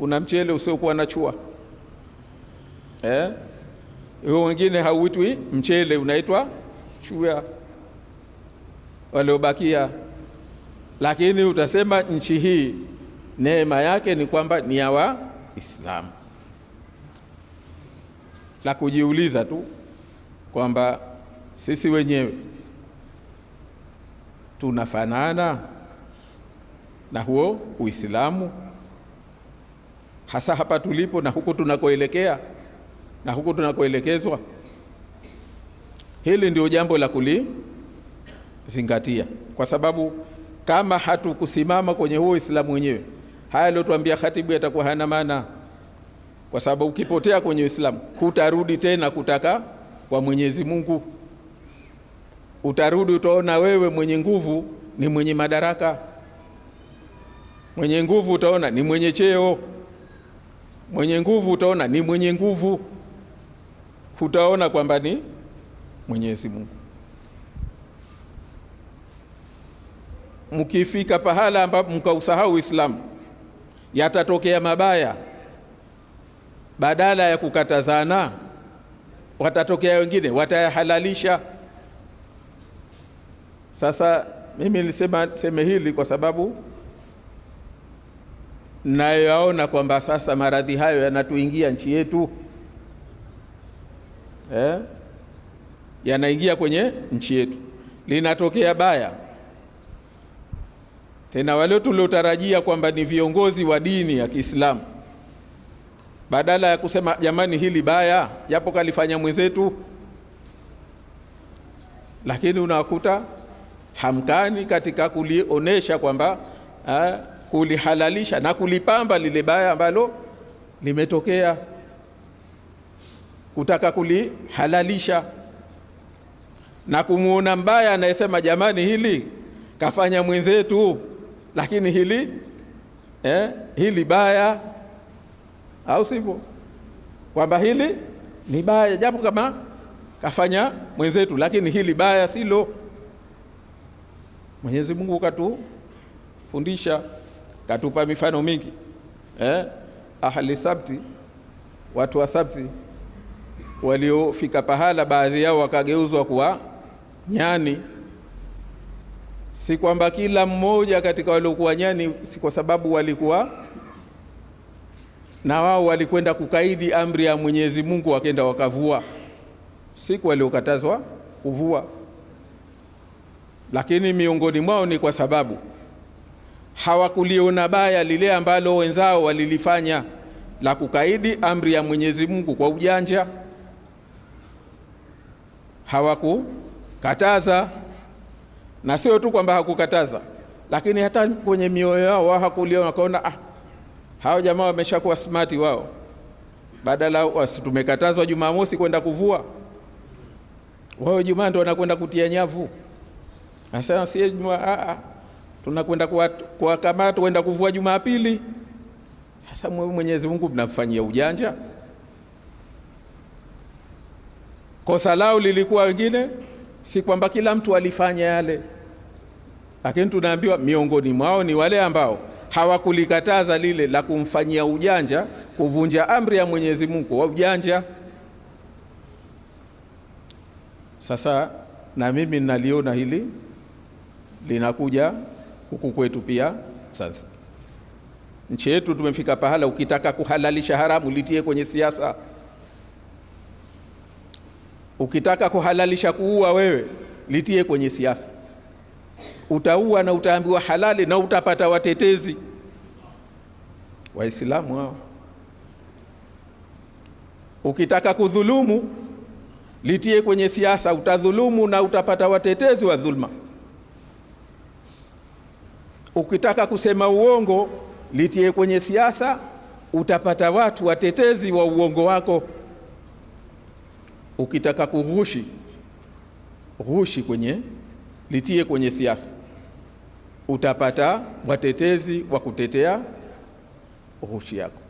una mchele usiokuwa na chua eh? Huo wengine hauitwi mchele, unaitwa chua waliobakia. Lakini utasema nchi hii neema yake ni kwamba ni ya Waislamu. La kujiuliza tu kwamba sisi wenyewe tunafanana na huo Uislamu? hasa hapa tulipo na huku tunakoelekea na huku tunakoelekezwa. Hili ndio jambo la kulizingatia, kwa sababu kama hatukusimama kwenye huo Uislamu wenyewe, haya aliyotuambia khatibu yatakuwa hayana maana, kwa sababu ukipotea kwenye Uislamu hutarudi tena kutaka kwa Mwenyezi Mungu. Utarudi utaona wewe mwenye nguvu ni mwenye madaraka, mwenye nguvu utaona ni mwenye cheo mwenye nguvu, utaona ni mwenye nguvu, hutaona kwamba ni Mwenyezi Mungu. Mkifika pahala ambapo mkausahau Uislamu, yatatokea mabaya. Badala ya kukatazana, watatokea wengine watayahalalisha. Sasa mimi nilisema seme hili kwa sababu nayoyaona kwamba sasa maradhi hayo yanatuingia nchi yetu eh? Yanaingia kwenye nchi yetu, linatokea baya tena. Wale tuliotarajia kwamba ni viongozi wa dini ya Kiislamu, badala ya kusema jamani, hili baya, japo kalifanya mwenzetu, lakini unakuta hamkani katika kulionesha kwamba eh, kulihalalisha na kulipamba lile baya ambalo limetokea, kutaka kulihalalisha na kumuona mbaya anayesema jamani, hili kafanya mwenzetu, lakini hili eh, hili baya, au sivyo? Kwamba hili ni baya, japo kama kafanya mwenzetu, lakini hili baya silo. Mwenyezi Mungu katufundisha katupa mifano mingi eh? Ahli sabti, watu wa sabti waliofika pahala baadhi yao wakageuzwa kuwa nyani. Si kwamba kila mmoja katika waliokuwa nyani, si kwa sababu walikuwa na wao walikwenda kukaidi amri ya Mwenyezi Mungu, wakenda wakavua siku waliokatazwa kuvua, lakini miongoni mwao ni kwa sababu hawakuliona baya lile ambalo wenzao walilifanya la kukaidi amri ya Mwenyezi Mungu kwa ujanja, hawakukataza. Na sio tu kwamba hakukataza, lakini hata kwenye mioyo yao wao hakuliona, wakaona ah, hao jamaa wameshakuwa smart wao, badala tumekatazwa Jumamosi kwenda kuvua, wao Jumaa ndio wanakwenda kutia nyavu. Sasa si Jumaa ah, ah tunakwenda kuwakamata, kwenda kuvua Jumapili. Sasa Mwenyezi Mungu mnamfanyia ujanja. Kosa lao lilikuwa wengine, si kwamba kila mtu alifanya yale, lakini tunaambiwa miongoni mwao ni wale ambao hawakulikataza lile la kumfanyia ujanja, kuvunja amri ya Mwenyezi Mungu wa ujanja. Sasa na mimi naliona hili linakuja huku kwetu pia. Sasa nchi yetu tumefika pahala, ukitaka kuhalalisha haramu litie kwenye siasa, ukitaka kuhalalisha kuua wewe litie kwenye siasa. Utaua na utaambiwa halali na utapata watetezi Waislamu hao. Ukitaka kudhulumu litie kwenye siasa, utadhulumu na utapata watetezi wa dhulma. Ukitaka kusema uongo litie kwenye siasa, utapata watu watetezi wa uongo wako. Ukitaka kughushi, ghushi kwenye litie kwenye siasa, utapata watetezi wa kutetea ghushi yako.